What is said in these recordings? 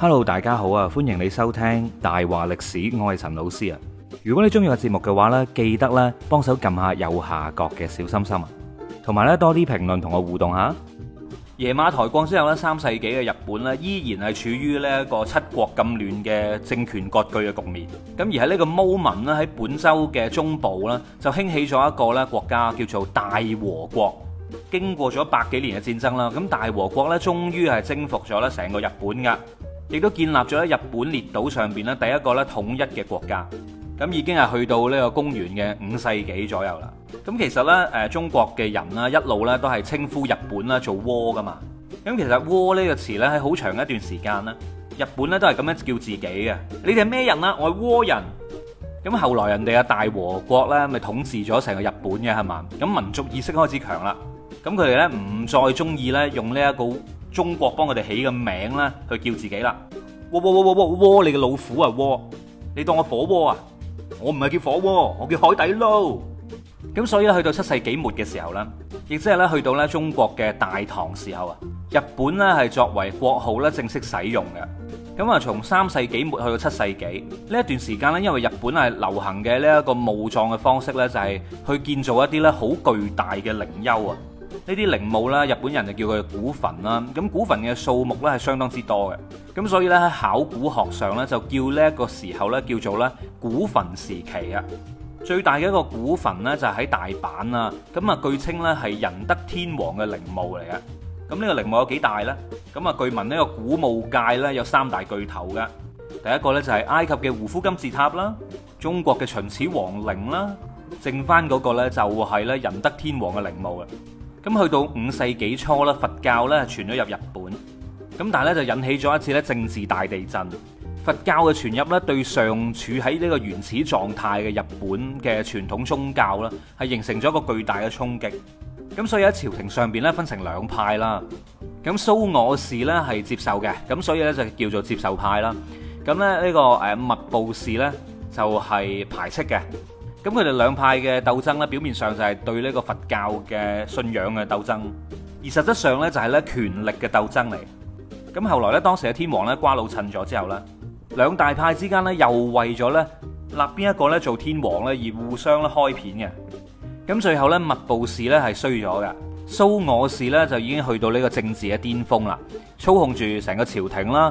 hello，大家好啊！歡迎你收聽大話歷史，我係陳老師啊。如果你中意個節目嘅話呢，記得呢幫手撳下右下角嘅小心心啊，同埋呢多啲評論同我互動下。邪馬台國之後呢，三世紀嘅日本呢依然係處於呢一個七國咁亂嘅政權割據嘅局面。咁而喺呢個 moment 呢，喺本州嘅中部呢，就興起咗一個呢國家叫做大和國。經過咗百幾年嘅戰爭啦，咁大和國呢終於係征服咗呢成個日本㗎。亦都建立咗喺日本列島上邊咧，第一個咧統一嘅國家，咁已經係去到呢個公元嘅五世紀左右啦。咁其實呢，誒中國嘅人呢，一路呢都係稱呼日本啦，做倭噶嘛。咁其實倭呢個詞呢，喺好長一段時間啦，日本呢都係咁樣叫自己嘅。你哋係咩人啦？我係倭人。咁後來人哋啊大和國呢咪統治咗成個日本嘅係嘛？咁民族意識開始強啦。咁佢哋呢，唔再中意呢用呢一個。中國幫佢哋起個名呢去叫自己啦。鍋鍋鍋鍋鍋，你嘅老虎啊鍋，你當我火鍋啊？我唔係叫火鍋，我叫海底撈。咁所以咧，去到七世紀末嘅時候呢，亦即係咧，去到呢中國嘅大唐時候啊，日本呢係作為國號咧正式使用嘅。咁啊，從三世紀末去到七世紀呢一段時間呢，因為日本係流行嘅呢一個墓葬嘅方式呢，就係、是、去建造一啲呢好巨大嘅陵丘啊。呢啲陵墓啦，日本人就叫佢古墳啦。咁古墳嘅數目咧係相當之多嘅。咁所以咧喺考古學上咧就叫呢一個時候咧叫做咧古墳時期啊。最大嘅一個古墳咧就喺大阪啦。咁啊據稱咧係仁德天皇嘅陵墓嚟嘅。咁、這、呢個陵墓有幾大呢？咁啊據聞呢個古墓界咧有三大巨頭噶。第一個咧就係埃及嘅胡夫金字塔啦，中國嘅秦始皇陵啦，剩翻嗰個咧就係咧仁德天皇嘅陵墓啊。咁去到五世紀初啦，佛教咧傳咗入日本，咁但係咧就引起咗一次咧政治大地震。佛教嘅傳入咧對尚處喺呢個原始狀態嘅日本嘅傳統宗教啦，係形成咗一個巨大嘅衝擊。咁所以喺朝廷上面，咧分成兩派啦。咁蘇我氏咧係接受嘅，咁所以咧就叫做接受派啦。咁咧呢個誒物部氏咧就係排斥嘅。咁佢哋兩派嘅鬥爭咧，表面上就係對呢個佛教嘅信仰嘅鬥爭，而實質上咧就係咧權力嘅鬥爭嚟。咁後來咧，當時嘅天皇咧，瓜老襯咗之後咧，兩大派之間咧又為咗咧立邊一個咧做天皇咧，而互相咧開片嘅。咁最後咧，物部氏咧係衰咗嘅，蘇我氏咧就已經去到呢個政治嘅巔峰啦，操控住成個朝廷啦。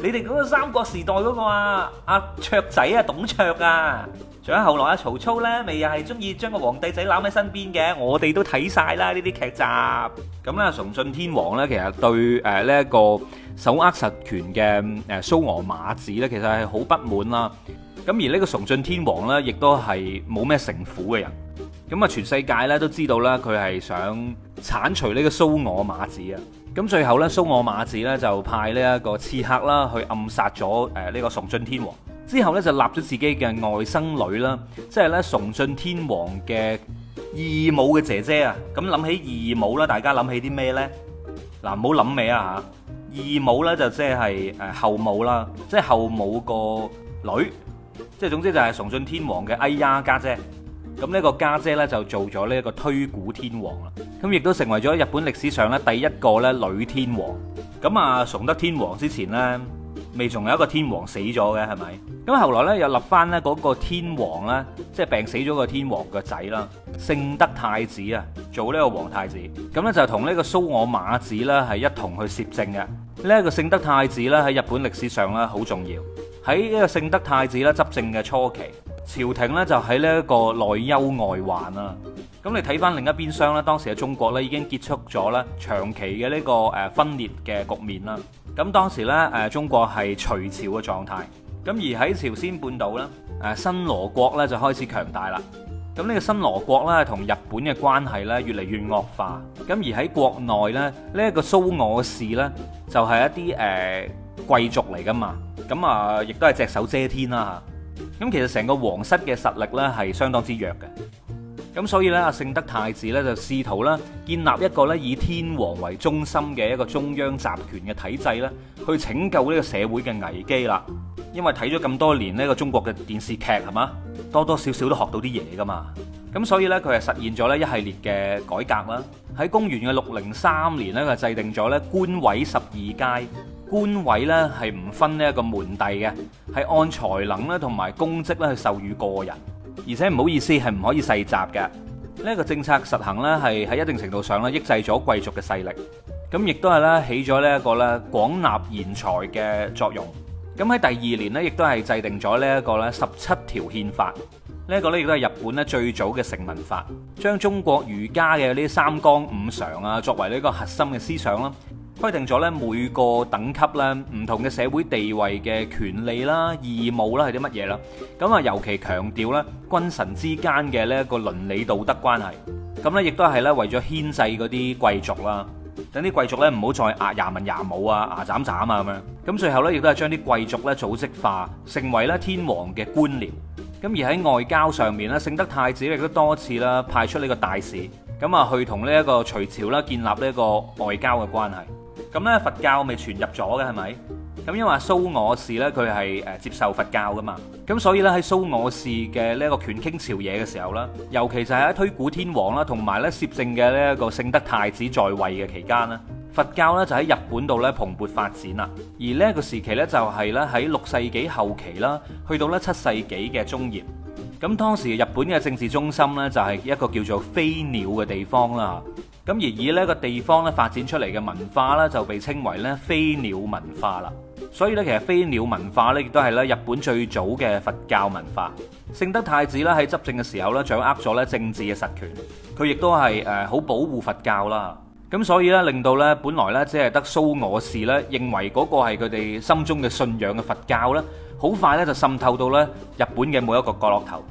你哋講嗰個三國時代嗰個啊阿、啊、卓仔啊董卓啊，仲有後來阿、啊、曹操呢，咪又係中意將個皇帝仔攬喺身邊嘅，我哋都睇晒啦呢啲劇集。咁呢，崇峻天皇呢，其實對呢一、呃這個手握實權嘅誒、呃、蘇我馬子呢，其實係好不滿啦。咁而呢個崇峻天皇呢，亦都係冇咩城府嘅人。咁啊，全世界呢都知道啦，佢係想剷除呢個蘇我馬子啊。咁最後咧，蘇我馬子咧就派呢一個刺客啦，去暗殺咗誒呢個崇峻天皇。之後咧就立咗自己嘅外甥女啦，即係咧崇峻天皇嘅義母嘅姐姐啊。咁諗起義母啦，大家諗起啲咩咧？嗱，唔好諗尾啊嚇！義母咧就即係誒後母啦，即係後母個女，即係總之就係崇峻天皇嘅哎呀家姐。咁呢個家姐呢，就做咗呢一個推古天皇啦，咁亦都成為咗日本歷史上咧第一個咧女天皇。咁啊崇德天皇之前呢，未仲有一個天皇死咗嘅，係咪？咁後來呢，又立翻呢嗰個天皇啦，即係病死咗個天皇嘅仔啦，聖德太子啊，做呢個皇太子。咁呢就同呢個蘇我馬子啦係一同去攝政嘅。呢、這、一個聖德太子呢，喺日本歷史上呢，好重要。喺呢個聖德太子呢執政嘅初期。朝廷咧就喺呢一個內憂外患啊，咁你睇翻另一邊廂咧，當時嘅中國咧已經結束咗咧長期嘅呢個誒分裂嘅局面啦。咁當時咧誒中國係隋朝嘅狀態，咁而喺朝鮮半島咧誒新羅國咧就開始強大啦。咁呢個新羅國咧同日本嘅關係咧越嚟越惡化，咁而喺國內咧呢一個蘇我氏咧就係一啲誒、呃、貴族嚟噶嘛，咁啊亦都係隻手遮天啦嚇。咁其實成個皇室嘅實力咧係相當之弱嘅，咁所以呢，阿聖德太子呢就試圖啦建立一個咧以天皇為中心嘅一個中央集權嘅體制咧，去拯救呢個社會嘅危機啦。因為睇咗咁多年呢個中國嘅電視劇係嘛，多多少少都學到啲嘢噶嘛。咁所以呢，佢係實現咗呢一系列嘅改革啦。喺公元嘅六零三年呢，佢制定咗呢，官位十二階。官位咧係唔分呢一個門第嘅，係按才能咧同埋功績咧去授予個人，而且唔好意思係唔可以世襲嘅。呢、這、一個政策實行咧係喺一定程度上咧抑制咗貴族嘅勢力，咁亦都係咧起咗呢一個咧廣納賢才嘅作用。咁喺第二年呢，亦都係制定咗呢一個咧十七條憲法，呢、這、一個咧亦都係日本咧最早嘅成文法，將中國儒家嘅呢三綱五常啊作為呢個核心嘅思想啦。規定咗咧每個等級咧唔同嘅社會地位嘅權利啦、義務啦係啲乜嘢啦？咁啊尤其強調咧君臣之間嘅呢一個倫理道德關係。咁咧亦都係咧為咗牽制嗰啲貴族啦，等啲貴族咧唔好再壓廿文廿母，啊、牙斬斬啊咁樣。咁最後咧亦都係將啲貴族咧組，組織化，成為咧天皇嘅官僚。咁而喺外交上面咧，聖德太子亦都多次啦派出呢個大使。咁啊，去同呢一個隋朝啦，建立呢個外交嘅關係。咁呢，佛教咪傳入咗嘅，係咪？咁因為蘇我氏呢，佢係誒接受佛教噶嘛。咁所以呢，喺蘇我氏嘅呢個權傾朝野嘅時候啦，尤其就喺推古天皇啦，同埋呢攝政嘅呢一個聖德太子在位嘅期間呢，佛教呢就喺日本度呢蓬勃發展啦。而呢一個時期呢，就係呢喺六世紀後期啦，去到呢七世紀嘅中葉。咁當時日本嘅政治中心呢就係一個叫做飛鳥嘅地方啦，咁而以呢一個地方呢發展出嚟嘅文化呢就被稱為呢飛鳥文化啦。所以呢其實飛鳥文化呢亦都係呢日本最早嘅佛教文化。聖德太子呢喺執政嘅時候呢掌握咗呢政治嘅實權，佢亦都係誒好保護佛教啦。咁所以咧，令到咧，本來咧，只係得蘇我氏咧，認為嗰個係佢哋心中嘅信仰嘅佛教咧，好快咧就滲透到咧日本嘅每一個角落頭，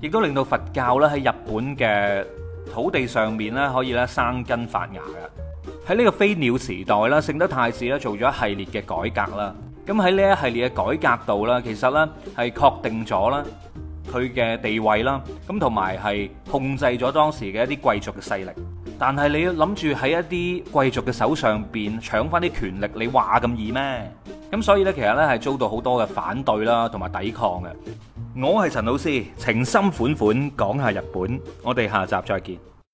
亦都令到佛教咧喺日本嘅土地上面咧，可以咧生根發芽嘅。喺呢個飛鳥時代啦，聖德太子咧做咗一系列嘅改革啦。咁喺呢一系列嘅改革度啦，其實咧係確定咗啦佢嘅地位啦，咁同埋係控制咗當時嘅一啲貴族嘅勢力。但係你要諗住喺一啲貴族嘅手上邊搶翻啲權力，你話咁易咩？咁所以呢，其實呢係遭到好多嘅反對啦，同埋抵抗嘅。我係陳老師，情深款款講下日本，我哋下集再見。